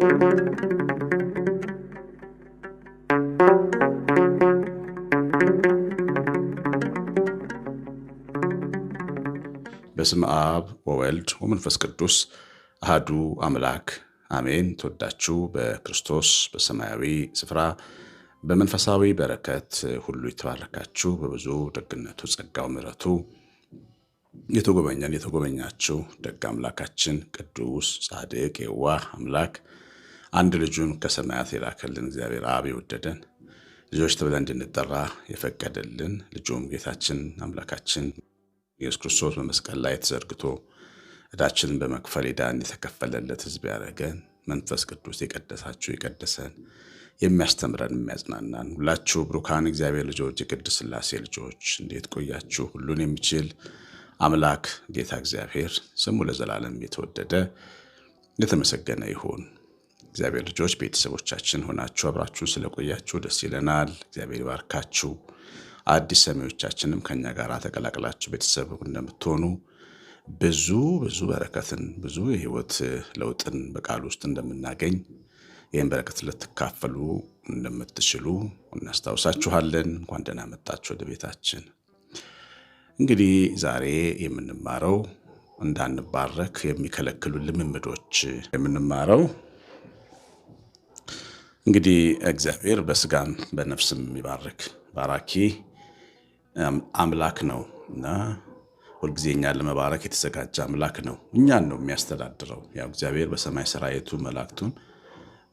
በስም አብ ወወልድ ወመንፈስ ቅዱስ አህዱ አምላክ አሜን። ተወዳችሁ በክርስቶስ በሰማያዊ ስፍራ በመንፈሳዊ በረከት ሁሉ የተባረካችሁ በብዙ ደግነቱ ጸጋው ምሕረቱ የተጎበኘን የተጎበኛችሁ ደግ አምላካችን ቅዱስ ጻድቅ የዋህ አምላክ አንድ ልጁን ከሰማያት የላከልን እግዚአብሔር አብ የወደደን ልጆች ተብለን እንድንጠራ የፈቀደልን ልጁም ጌታችን አምላካችን ኢየሱስ ክርስቶስ በመስቀል ላይ ተዘርግቶ እዳችንን በመክፈል ዕዳ የተከፈለለት ሕዝብ ያደረገን መንፈስ ቅዱስ የቀደሳችሁ የቀደሰን የሚያስተምረን የሚያጽናናን ሁላችሁ ብሩካን እግዚአብሔር ልጆች የቅድስት ስላሴ ልጆች እንዴት ቆያችሁ? ሁሉን የሚችል አምላክ ጌታ እግዚአብሔር ስሙ ለዘላለም የተወደደ የተመሰገነ ይሁን። እግዚአብሔር ልጆች ቤተሰቦቻችን ሆናችሁ አብራችሁን ስለቆያችሁ ደስ ይለናል። እግዚአብሔር ይባርካችሁ። አዲስ ሰሚዎቻችንም ከኛ ጋር ተቀላቅላችሁ ቤተሰብ እንደምትሆኑ ብዙ ብዙ በረከትን ብዙ የህይወት ለውጥን በቃል ውስጥ እንደምናገኝ ይህን በረከት ልትካፈሉ እንደምትችሉ እናስታውሳችኋለን። እንኳን ደህና መጣችሁ ወደ ቤታችን። እንግዲህ ዛሬ የምንማረው እንዳንባረክ የሚከለክሉ ልምምዶች የምንማረው እንግዲህ እግዚአብሔር በስጋም በነፍስም የሚባርክ ባራኪ አምላክ ነው እና ሁልጊዜ እኛን ለመባረክ የተዘጋጀ አምላክ ነው። እኛን ነው የሚያስተዳድረው። ያው እግዚአብሔር በሰማይ ሰራዊቱ መላእክቱን፣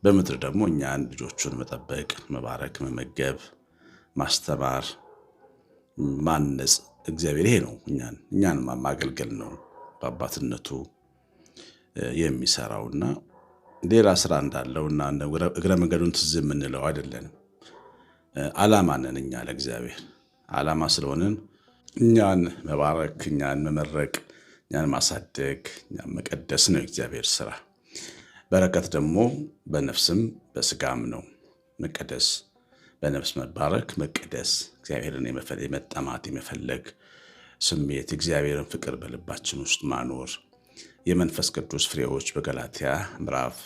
በምድር ደግሞ እኛን ልጆቹን መጠበቅ፣ መባረክ፣ መመገብ፣ ማስተማር፣ ማነጽ እግዚአብሔር ይሄ ነው። እኛን እኛን ማገልገል ነው በአባትነቱ የሚሰራውና ሌላ ስራ እና እግረ መንገዱን ትዝ የምንለው አይደለንም። አላማ ነን እኛ ለእግዚአብሔር አላማ ስለሆንን እኛን መባረክ፣ እኛን መመረቅ፣ እኛን ማሳደግ፣ እኛን መቀደስ ነው የእግዚአብሔር ስራ። በረከት ደግሞ በነፍስም በስጋም ነው። መቀደስ በነፍስ መባረክ፣ መቀደስ እግዚአብሔርን የመጠማት የመፈለግ ስሜት፣ እግዚአብሔርን ፍቅር በልባችን ውስጥ ማኖር የመንፈስ ቅዱስ ፍሬዎች በገላትያ ምዕራፍ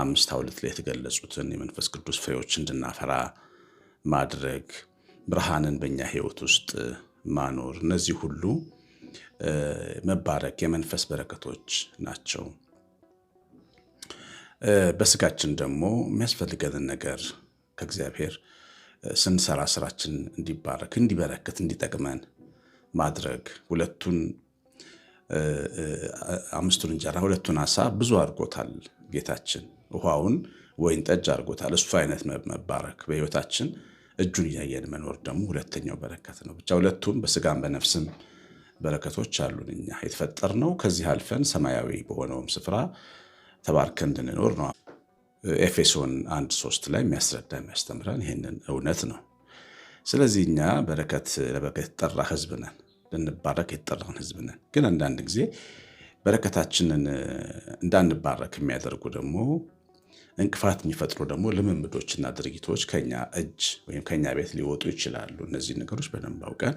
አምስት ሁለት ላይ የተገለጹትን የመንፈስ ቅዱስ ፍሬዎች እንድናፈራ ማድረግ፣ ብርሃንን በኛ ሕይወት ውስጥ ማኖር፣ እነዚህ ሁሉ መባረክ የመንፈስ በረከቶች ናቸው። በስጋችን ደግሞ የሚያስፈልገንን ነገር ከእግዚአብሔር ስንሰራ ስራችን እንዲባረክ፣ እንዲበረክት፣ እንዲጠቅመን ማድረግ ሁለቱን አምስቱን እንጀራ ሁለቱን አሳ ብዙ አድርጎታል ጌታችን። ውሃውን ወይን ጠጅ አድርጎታል። እሱ አይነት መባረክ በህይወታችን እጁን እያየን መኖር ደግሞ ሁለተኛው በረከት ነው። ብቻ ሁለቱም በስጋም በነፍስም በረከቶች አሉን። እኛ የተፈጠርነው ከዚህ አልፈን ሰማያዊ በሆነውም ስፍራ ተባርከን እንድንኖር ነው። ኤፌሶን አንድ ሶስት ላይ የሚያስረዳ የሚያስተምረን ይህንን እውነት ነው። ስለዚህ እኛ በረከት ለበረከት የተጠራ ህዝብ ነን። ልንባረክ የተጠራን ህዝብ ነን። ግን አንዳንድ ጊዜ በረከታችንን እንዳንባረክ የሚያደርጉ ደግሞ እንቅፋት የሚፈጥሩ ደግሞ ልምምዶችና ድርጊቶች ከኛ እጅ ወይም ከኛ ቤት ሊወጡ ይችላሉ። እነዚህ ነገሮች በደንብ አውቀን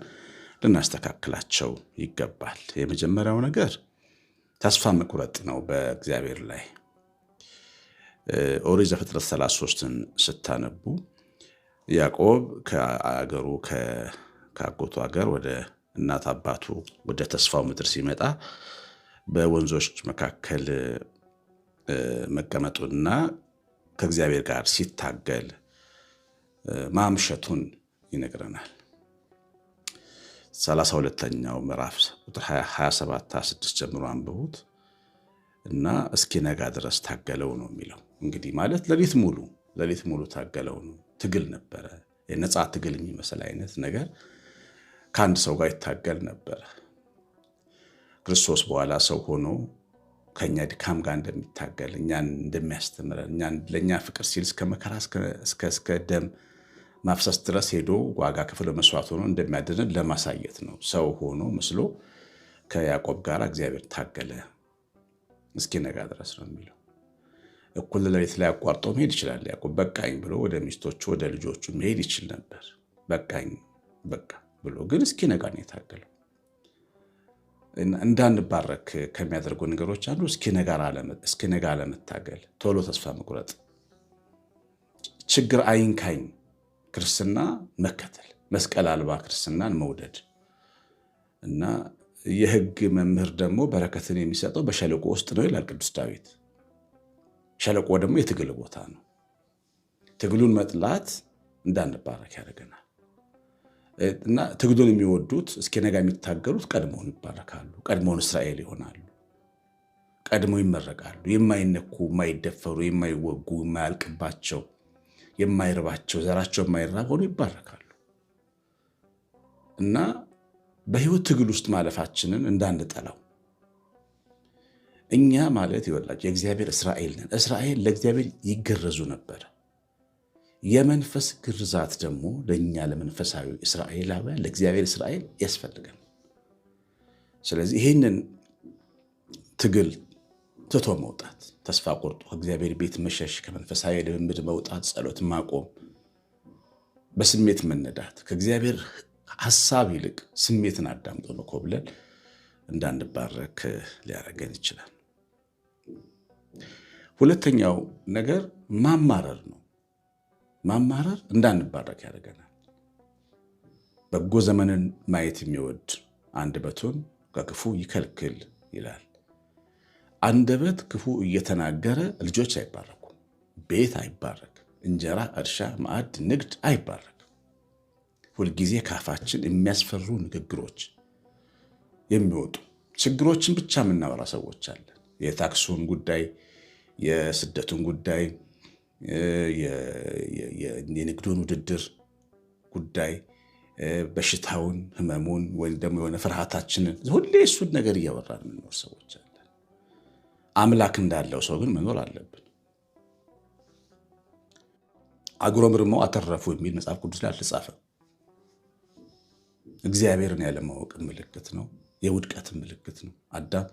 ልናስተካክላቸው ይገባል። የመጀመሪያው ነገር ተስፋ መቁረጥ ነው በእግዚአብሔር ላይ። ኦሪት ዘፍጥረት 33ን ስታነቡ ያዕቆብ ከአገሩ ከአጎቱ ሀገር ወደ እናት አባቱ ወደ ተስፋው ምድር ሲመጣ በወንዞች መካከል መቀመጡንና ከእግዚአብሔር ጋር ሲታገል ማምሸቱን ይነግረናል። 32ኛው ምዕራፍ ቁጥር 27 26 ጀምሮ አንብቡት እና እስኪነጋ ድረስ ታገለው ነው የሚለው። እንግዲህ ማለት ሌሊት ሙሉ ሌሊት ሙሉ ታገለው ነው። ትግል ነበረ፣ የነፃ ትግል የሚመስል አይነት ነገር ከአንድ ሰው ጋር ይታገል ነበረ። ክርስቶስ በኋላ ሰው ሆኖ ከኛ ድካም ጋር እንደሚታገል እኛን እንደሚያስተምረን እኛን ለእኛ ፍቅር ሲል እስከ መከራ እስከ ደም ማፍሰስ ድረስ ሄዶ ዋጋ ክፍለ መስዋዕት ሆኖ እንደሚያድንን ለማሳየት ነው። ሰው ሆኖ መስሎ ከያዕቆብ ጋር እግዚአብሔር ታገለ እስኪ ነጋ ድረስ ነው የሚለው። እኩል ለሌት ላይ አቋርጦ መሄድ ይችላል። ያዕቆብ በቃኝ ብሎ ወደ ሚስቶቹ ወደ ልጆቹ መሄድ ይችል ነበር። በቃኝ በቃ ብሎ ግን እስኪ ነጋን የታገለው እንዳንባረክ ከሚያደርጉ ነገሮች አንዱ እስኪ ነጋ አለመታገል፣ ቶሎ ተስፋ መቁረጥ፣ ችግር አይንካኝ ክርስትና መከተል፣ መስቀል አልባ ክርስትናን መውደድ እና የህግ መምህር ደግሞ በረከትን የሚሰጠው በሸለቆ ውስጥ ነው ይላል ቅዱስ ዳዊት። ሸለቆ ደግሞ የትግል ቦታ ነው። ትግሉን መጥላት እንዳንባረክ ያደርገናል። እና ትግሉን የሚወዱት እስኪ ነጋ የሚታገሉት ቀድሞውን ይባረካሉ፣ ቀድሞውን እስራኤል ይሆናሉ፣ ቀድሞ ይመረቃሉ። የማይነኩ የማይደፈሩ፣ የማይወጉ፣ የማያልቅባቸው፣ የማይርባቸው፣ ዘራቸው የማይራብ ሆኖ ይባረካሉ እና በህይወት ትግል ውስጥ ማለፋችንን እንዳንጠላው እኛ ማለት ይወላቸው የእግዚአብሔር እስራኤል ነን። እስራኤል ለእግዚአብሔር ይገረዙ ነበረ። የመንፈስ ግርዛት ደግሞ ለእኛ ለመንፈሳዊ እስራኤላውያን ለእግዚአብሔር እስራኤል ያስፈልጋል። ስለዚህ ይህንን ትግል ትቶ መውጣት፣ ተስፋ ቆርጦ ከእግዚአብሔር ቤት መሸሽ፣ ከመንፈሳዊ ልምምድ መውጣት፣ ጸሎት ማቆም፣ በስሜት መነዳት፣ ከእግዚአብሔር ሀሳብ ይልቅ ስሜትን አዳምጦ መኮብለል እንዳንባረክ ሊያደርገን ይችላል። ሁለተኛው ነገር ማማረር ነው። ማማረር እንዳንባረክ ያደርገናል። በጎ ዘመንን ማየት የሚወድ አንደበቱን ከክፉ ይከልክል ይላል። አንደበት ክፉ እየተናገረ ልጆች አይባረኩም፣ ቤት አይባረክም፣ እንጀራ፣ እርሻ፣ ማዕድ፣ ንግድ አይባረክም። ሁልጊዜ ካፋችን የሚያስፈሩ ንግግሮች የሚወጡ ችግሮችን ብቻ የምናወራ ሰዎች አለን። የታክሱን ጉዳይ፣ የስደቱን ጉዳይ የንግዱን ውድድር ጉዳይ በሽታውን፣ ህመሙን ወይም ደግሞ የሆነ ፍርሃታችንን ሁሌ እሱን ነገር እያወራን የምንኖር ሰዎች አለን። አምላክ እንዳለው ሰው ግን መኖር አለብን። አጉረምርመው አተረፉ የሚል መጽሐፍ ቅዱስ ላይ አልተጻፈም። እግዚአብሔርን ያለማወቅ ምልክት ነው፣ የውድቀት ምልክት ነው። አዳም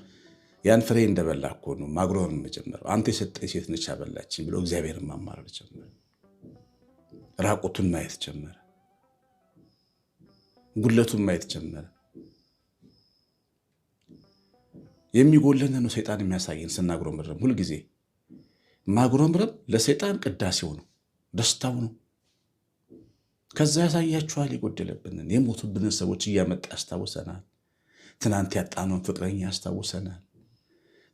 ያን ፍሬ እንደበላ እኮ ነው ማጉረም የምጀምረው። አንተ የሰጠኝ ሴት ነች አበላችኝ ብሎ እግዚአብሔር ማማረር ጀመረ። ራቁቱን ማየት ጀመረ። ጉለቱን ማየት ጀመረ። የሚጎለን ነው ሰይጣን የሚያሳየን ስናጉረምረም። ሁልጊዜ ማጉረምረም ለሰይጣን ቅዳሴው ነው፣ ደስታው ነው። ከዛ ያሳያችኋል። የጎደለብንን የሞቱብንን ሰዎች እያመጣ ያስታውሰናል። ትናንት ያጣነውን ፍቅረኛ ያስታውሰናል።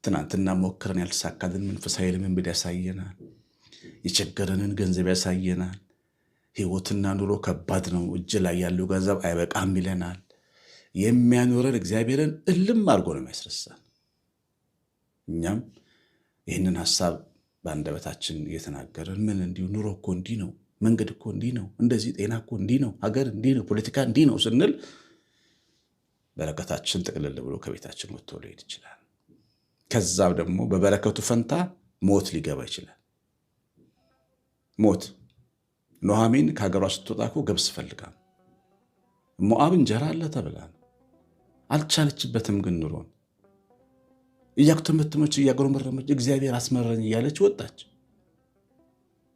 ትናንትና ሞክረን ያልተሳካልን መንፈሳዊ ልምምድ ያሳየናል። የቸገረንን ገንዘብ ያሳየናል። ህይወትና ኑሮ ከባድ ነው፣ እጅ ላይ ያለው ገንዘብ አይበቃም ይለናል። የሚያኖረን እግዚአብሔርን እልም አድርጎ ነው የሚያስረሳን። እኛም ይህንን ሀሳብ በአንደበታችን እየተናገረን ምን እንዲሁ ኑሮ እኮ እንዲህ ነው፣ መንገድ እኮ እንዲህ ነው፣ እንደዚህ ጤና እኮ እንዲህ ነው፣ ሀገር እንዲህ ነው፣ ፖለቲካ እንዲህ ነው ስንል በረከታችን ጥቅልል ብሎ ከቤታችን ወጥቶ ሊሄድ ይችላል። ከዛ ደግሞ በበረከቱ ፈንታ ሞት ሊገባ ይችላል። ሞት ኑኃሚን ከሀገሯ ስትወጣ እኮ ገብስ ፈልጋ ሞአብ እንጀራ አለ ተብላ አልቻለችበትም። ግን ኑሮን እያጉተመተመች መረመች እግዚአብሔር አስመረኝ እያለች ወጣች።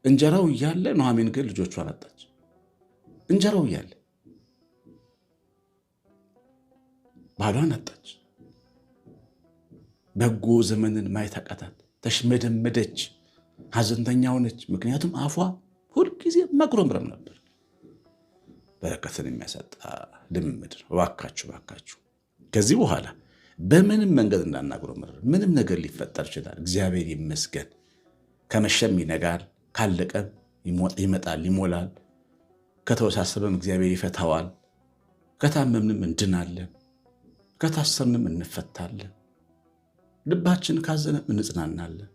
እንጀራው እያለ ኖሃሚን ግን ልጆቿን አጣች። እንጀራው እያለ ባሏን አጣች። በጎ ዘመንን ማየት አቃታት። ተሽመደመደች፣ ሐዘንተኛ ሆነች። ምክንያቱም አፏ ሁልጊዜ መጉረምረም ነበር። በረከትን የሚያሳጣ ልምምድ ነው። እባካችሁ እባካችሁ ከዚህ በኋላ በምንም መንገድ እንዳናጉረምረም። ምንም ነገር ሊፈጠር ይችላል። እግዚአብሔር ይመስገን። ከመሸም ይነጋል፣ ካለቀም ይመጣል ይሞላል። ከተወሳሰበም እግዚአብሔር ይፈታዋል። ከታመምንም እንድናለን፣ ከታሰርንም እንፈታለን። ልባችን ካዘነ እንጽናናለን።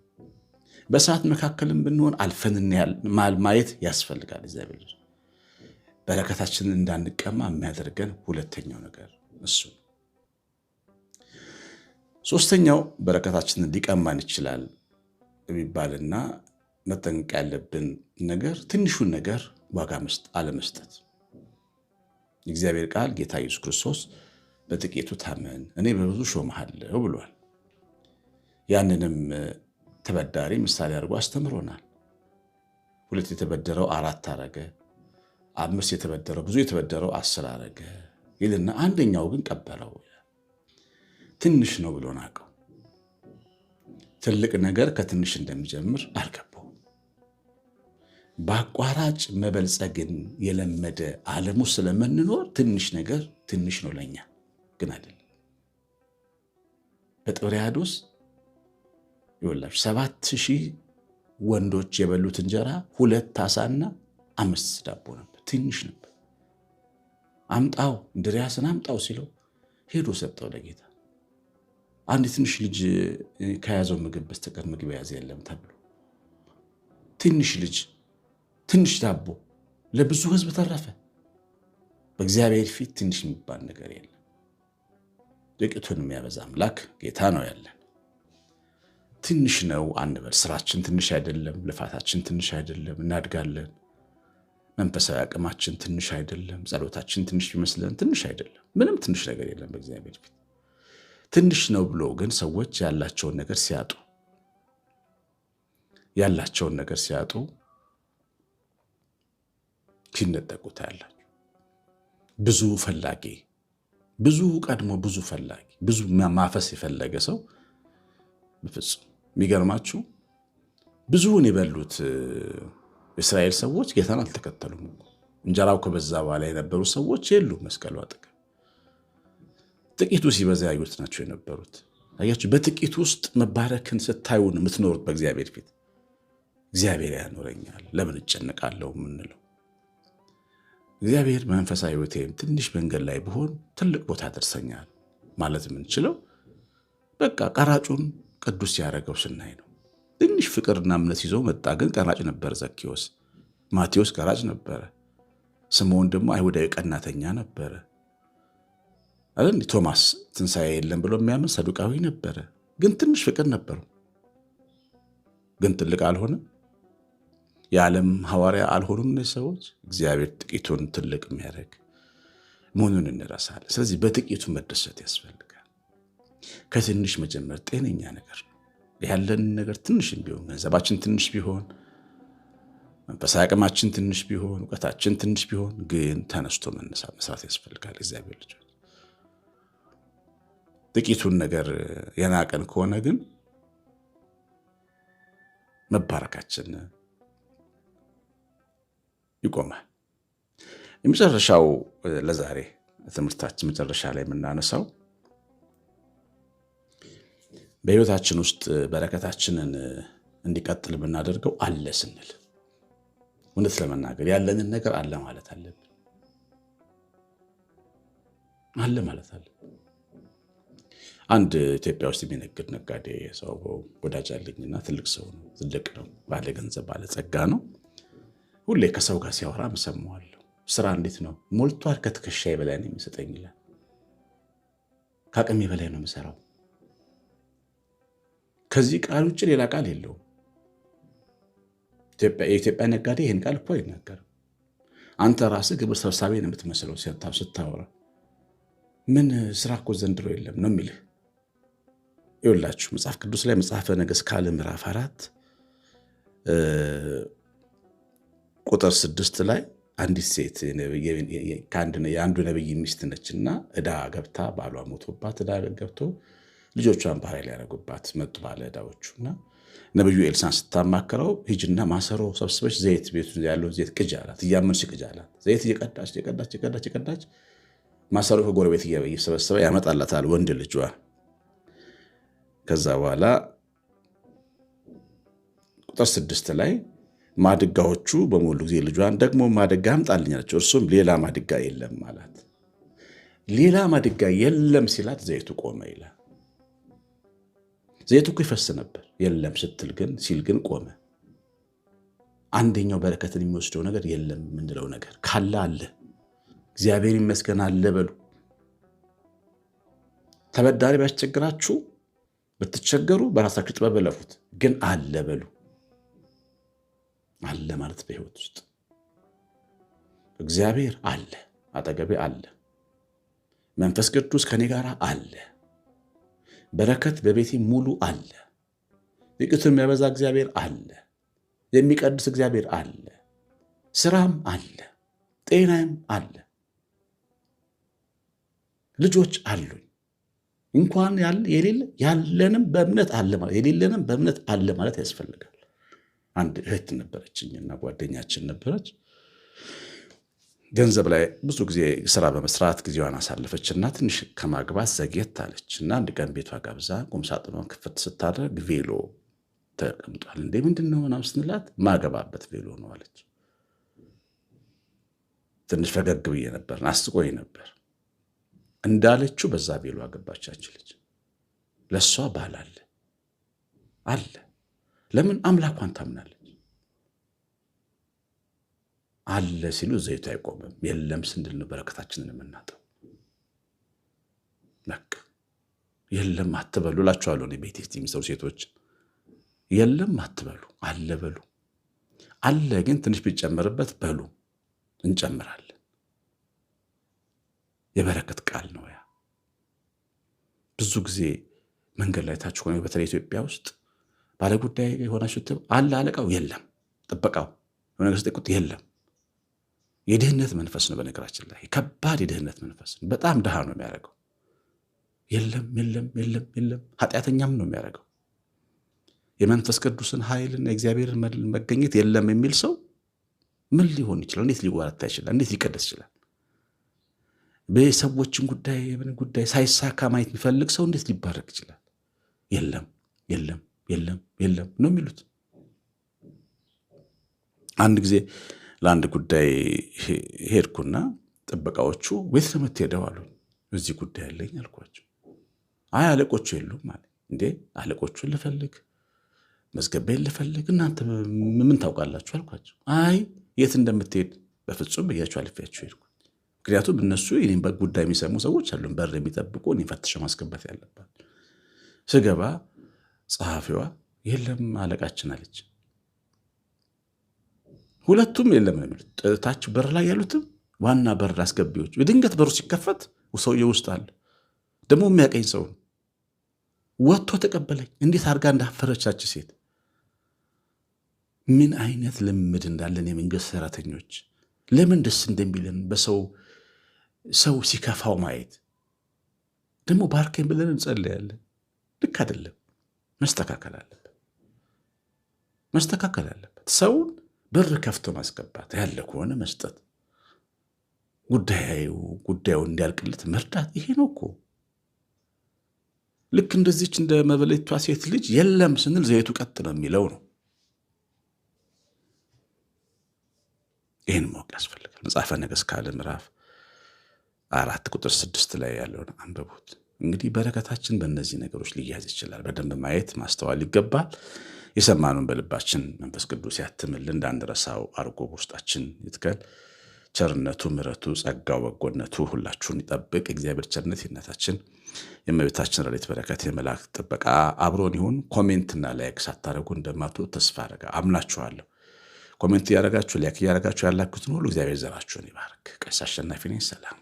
በእሳት መካከልም ብንሆን አልፈን ማየት ያስፈልጋል። እግዚአብሔር በረከታችንን እንዳንቀማ የሚያደርገን ሁለተኛው ነገር እሱ። ሶስተኛው በረከታችንን ሊቀማን ይችላል የሚባልና መጠንቀቅ ያለብን ነገር ትንሹን ነገር ዋጋ አለመስጠት። የእግዚአብሔር ቃል ጌታ ኢየሱስ ክርስቶስ በጥቂቱ ታመን እኔ በብዙ ሾምሃለሁ ብሏል። ያንንም ተበዳሪ ምሳሌ አድርጎ አስተምሮናል። ሁለት የተበደረው አራት አረገ፣ አምስት የተበደረው ብዙ የተበደረው አስር አረገ ይልና አንደኛው ግን ቀበለው። ትንሽ ነው ብሎን አቀው ትልቅ ነገር ከትንሽ እንደሚጀምር አልገባው። በአቋራጭ መበልጸግን የለመደ ዓለሙ ስለምንኖር ትንሽ ነገር ትንሽ ነው ለኛ ግን አይደለም። በጥብርያዶስ ይወላችሁ ሰባት ሺህ ወንዶች የበሉት እንጀራ ሁለት አሳና አምስት ዳቦ ነበር። ትንሽ ነበር። አምጣው እንድሪያስን አምጣው ሲለው ሄዶ ሰጠው ለጌታ። አንድ ትንሽ ልጅ ከያዘው ምግብ በስተቀር ምግብ የያዘ የለም ተብሎ ትንሽ ልጅ ትንሽ ዳቦ ለብዙ ሕዝብ ተረፈ። በእግዚአብሔር ፊት ትንሽ የሚባል ነገር የለም። ጥቂቱን የሚያበዛ አምላክ ጌታ ነው ያለን። ትንሽ ነው አንበል። ስራችን ትንሽ አይደለም፣ ልፋታችን ትንሽ አይደለም። እናድጋለን። መንፈሳዊ አቅማችን ትንሽ አይደለም። ጸሎታችን ትንሽ ቢመስለን ትንሽ አይደለም። ምንም ትንሽ ነገር የለም በእግዚአብሔር ፊት። ትንሽ ነው ብሎ ግን ሰዎች ያላቸውን ነገር ሲያጡ ያላቸውን ነገር ሲያጡ ሲነጠቁት ታያላችሁ። ብዙ ፈላጊ ብዙ ቀድሞ ብዙ ፈላጊ ብዙ ማፈስ የፈለገ ሰው በፍጹም የሚገርማችሁ ብዙውን የበሉት እስራኤል ሰዎች ጌታን አልተከተሉም። እንጀራው ከበዛ በኋላ የነበሩ ሰዎች የሉ መስቀሉ አጠገብ ጥቂቱ ሲበዛ ያዩት ናቸው የነበሩት። አያችሁ፣ በጥቂቱ ውስጥ መባረክን ስታዩን የምትኖሩት በእግዚአብሔር ፊት እግዚአብሔር ያኖረኛል ለምን እጨነቃለሁ የምንለው እግዚአብሔር መንፈሳዊ ሕይወቴም ትንሽ መንገድ ላይ ብሆን ትልቅ ቦታ ያደርሰኛል ማለት የምንችለው በቃ ቀራጩን ቅዱስ ያደረገው ስናይ ነው። ትንሽ ፍቅርና እምነት ይዞ መጣ። ግን ቀራጭ ነበር ዘኪዎስ። ማቴዎስ ቀራጭ ነበረ። ስምዖን ደግሞ አይሁዳዊ ቀናተኛ ነበረ። አይደል? ቶማስ ትንሣኤ የለም ብሎ የሚያምን ሰዱቃዊ ነበረ። ግን ትንሽ ፍቅር ነበረው። ግን ትልቅ አልሆነም። የዓለም ሐዋርያ አልሆኑም። እነዚህ ሰዎች እግዚአብሔር ጥቂቱን ትልቅ የሚያደርግ መሆኑን እንረሳለን። ስለዚህ በጥቂቱ መደሰት ያስፈልጋል። ከትንሽ መጀመር ጤነኛ ነገር ያለን ነገር ትንሽ ቢሆን ገንዘባችን ትንሽ ቢሆን መንፈሳዊ አቅማችን ትንሽ ቢሆን እውቀታችን ትንሽ ቢሆን ግን ተነስቶ መነሳት መስራት ያስፈልጋል። እግዚአብሔር ልጅ ጥቂቱን ነገር የናቀን ከሆነ ግን መባረካችን ይቆማል። የመጨረሻው ለዛሬ ትምህርታችን መጨረሻ ላይ የምናነሳው በህይወታችን ውስጥ በረከታችንን እንዲቀጥል ብናደርገው አለ ስንል እውነት ለመናገር ያለንን ነገር አለ ማለት አለብን። አለ ማለት አለ። አንድ ኢትዮጵያ ውስጥ የሚነግድ ነጋዴ ሰው ወዳጅ አለኝና ትልቅ ሰው ነው፣ ትልቅ ነው፣ ባለ ገንዘብ ባለ ጸጋ ነው። ሁሌ ከሰው ጋር ሲያወራ እሰማዋለሁ። ስራ እንዴት ነው? ሞልቷል፣ ከትከሻዬ በላይ ነው የሚሰጠኝ ይላል። ከአቅሜ በላይ ነው የምሰራው ከዚህ ቃል ውጭ ሌላ ቃል የለውም። የኢትዮጵያ ነጋዴ ይህን ቃል እኮ አይናገርም። አንተ ራስህ ግብር ሰብሳቢ ነው የምትመስለው ስታወራ። ምን ስራ እኮ ዘንድሮ የለም ነው የሚልህ። ይኸውላችሁ መጽሐፍ ቅዱስ ላይ መጽሐፈ ነገሥት ካልዕ ምዕራፍ አራት ቁጥር ስድስት ላይ አንዲት ሴት የአንዱ ነብይ ሚስት ነች እና ገብታ ባሏ ሞቶባት እዳ ገብቶ ልጆቿን ባህሪ ያደረጉባት መጡ ባለ ዕዳዎቹ እና ነብዩ ኤልሳን ስታማክረው ሂጅና ማሰሮ ሰብስበች ዘይት ቤቱ ያለው ዘይት ቅጅ አላት። እያመንሽ ቅጅ አላት። ዘይት እየቀዳች እየቀዳች እየቀዳች እየቀዳች ማሰሮ ከጎረቤት እየሰበሰበ ያመጣላታል ወንድ ልጇ። ከዛ በኋላ ቁጥር ስድስት ላይ ማድጋዎቹ በሞሉ ጊዜ ልጇን ደግሞ ማድጋ አምጣልኝ አለችው። እርሱም ሌላ ማድጋ የለም አላት። ሌላ ማድጋ የለም ሲላት ዘይቱ ቆመ ይላል። ዘይት እኮ ይፈስ ነበር። የለም ስትል ግን ሲል ግን ቆመ። አንደኛው በረከትን የሚወስደው ነገር የለም የምንለው ነገር ካለ አለ። እግዚአብሔር ይመስገን አለ በሉ። ተበዳሪ ቢያስቸግራችሁ ብትቸገሩ በራሳችሁ ጥበብ እለፉት፣ ግን አለ በሉ። አለ ማለት በህይወት ውስጥ እግዚአብሔር አለ፣ አጠገቤ አለ፣ መንፈስ ቅዱስ ከኔ ጋር አለ። በረከት በቤቴ ሙሉ አለ። ጥቂቱን የሚያበዛ እግዚአብሔር አለ። የሚቀድስ እግዚአብሔር አለ። ስራም አለ። ጤናም አለ። ልጆች አሉኝ። እንኳን የሌለ ያለንም በእምነት አለ ማለት የሌለንም በእምነት አለ ማለት ያስፈልጋል። አንድ እህት ነበረችኝና ጓደኛችን ነበረች ገንዘብ ላይ ብዙ ጊዜ ስራ በመስራት ጊዜዋን አሳለፈች እና ትንሽ ከማግባት ዘግየት አለች እና አንድ ቀን ቤቷ ጋብዛ ቁምሳጥኗን ክፍት ስታደርግ ቬሎ ተቀምጧል። እንዴ ምንድን ነው ምናምን ስንላት ማገባበት ቬሎ ነው አለች። ትንሽ ፈገግ ብዬ ነበር፣ አስቆይ ነበር። እንዳለችው በዛ ቬሎ አገባች። አንችልች ለእሷ ባል አለ አለ። ለምን አምላኳን ታምናለች። አለ ሲሉ ዘይቱ አይቆምም። የለም ስንድል ነው በረከታችንን የምናጠው። በቃ የለም አትበሉ እላችኋለሁ። እኔ ቤቴ ውስጥ የሚሰሩ ሴቶች የለም አትበሉ፣ አለ በሉ። አለ ግን ትንሽ ቢጨመርበት በሉ እንጨምራለን። የበረከት ቃል ነው ያ። ብዙ ጊዜ መንገድ ላይ ታች ሆነ፣ በተለይ ኢትዮጵያ ውስጥ ባለጉዳይ የሆናችሁ አለ አለቃው የለም ጥበቃው የሆነ ነገር የለም የድህነት መንፈስ ነው። በነገራችን ላይ ከባድ የድህነት መንፈስ ነው። በጣም ድሃ ነው የሚያደርገው። የለም የለም የለም የለም። ኃጢአተኛም ነው የሚያደርገው። የመንፈስ ቅዱስን ኃይልን የእግዚአብሔርን መገኘት የለም የሚል ሰው ምን ሊሆን ይችላል? እንዴት ሊዋረታ ይችላል? እንዴት ሊቀደስ ይችላል? በሰዎችን ጉዳይ የምን ጉዳይ ሳይሳካ ማየት የሚፈልግ ሰው እንዴት ሊባረክ ይችላል? የለም የለም የለም የለም ነው የሚሉት። አንድ ጊዜ ለአንድ ጉዳይ ሄድኩና ጥበቃዎቹ ቤት ነው ሄደው አሉ። እዚህ ጉዳይ አለኝ አልኳቸው። አይ አለቆቹ የሉም አለ። እንዴ አለቆቹን ልፈልግ፣ መዝገባዬን ልፈልግ፣ እናንተ ምን ታውቃላችሁ አልኳቸው። አይ የት እንደምትሄድ በፍጹም ብያችሁ አልፌያቸው ሄድኩ። ምክንያቱም እነሱ ይህን ጉዳይ የሚሰሙ ሰዎች አሉ፣ በር የሚጠብቁ እኔ ፈትሸው ማስገባት ያለባት። ስገባ ጸሐፊዋ የለም አለቃችን አለች። ሁለቱም የለም ነው የሚሉት። ታች በር ላይ ያሉትም ዋና በር አስገቢዎች። የድንገት በሩ ሲከፈት ሰው ውስጥ አለ። ደግሞ የሚያቀኝ ሰው ወጥቶ ተቀበለኝ። እንዴት አድርጋ እንዳፈረቻች ሴት ምን አይነት ልምድ እንዳለን የመንግስት ሰራተኞች ለምን ደስ እንደሚለን በሰው ሰው ሲከፋው ማየት ደግሞ ባርከኝ ብለን እንጸለያለን። ልክ አይደለም። መስተካከል አለበት። መስተካከል አለበት ሰውን በር ከፍቶ ማስገባት ያለ ከሆነ መስጠት፣ ጉዳዩ ጉዳዩ እንዲያልቅለት መርዳት። ይሄ ነው እኮ ልክ እንደዚች እንደ መበለቷ ሴት ልጅ የለም ስንል ዘይቱ ቀጥ ነው የሚለው ነው። ይህን ማወቅ ያስፈልጋል። መጽሐፈ ነገሥት ካለ ምዕራፍ አራት ቁጥር ስድስት ላይ ያለውን አንብቡት። እንግዲህ በረከታችን በእነዚህ ነገሮች ሊያዝ ይችላል። በደንብ ማየት ማስተዋል ይገባል። የሰማኑን በልባችን መንፈስ ቅዱስ ያትምልን፣ እንዳንረሳው አርጎ በውስጣችን ይትከል። ቸርነቱ፣ ምረቱ ጸጋው፣ በጎነቱ ሁላችሁን ይጠብቅ። እግዚአብሔር ቸርነት የእናታችን የእመቤታችን ረድኤት በረከት የመልክ ጥበቃ አብሮን ይሁን። ኮሜንትና ላይክ ሳታደርጉ እንደማቱ ተስፋ አረጋ አምናችኋለሁ። ኮሜንት እያደረጋችሁ ላይክ እያደረጋችሁ ያላችሁትን ሁሉ እግዚአብሔር ዘራችሁን ይባርክ። ቀሲስ አሸናፊ ነኝ። ሰላም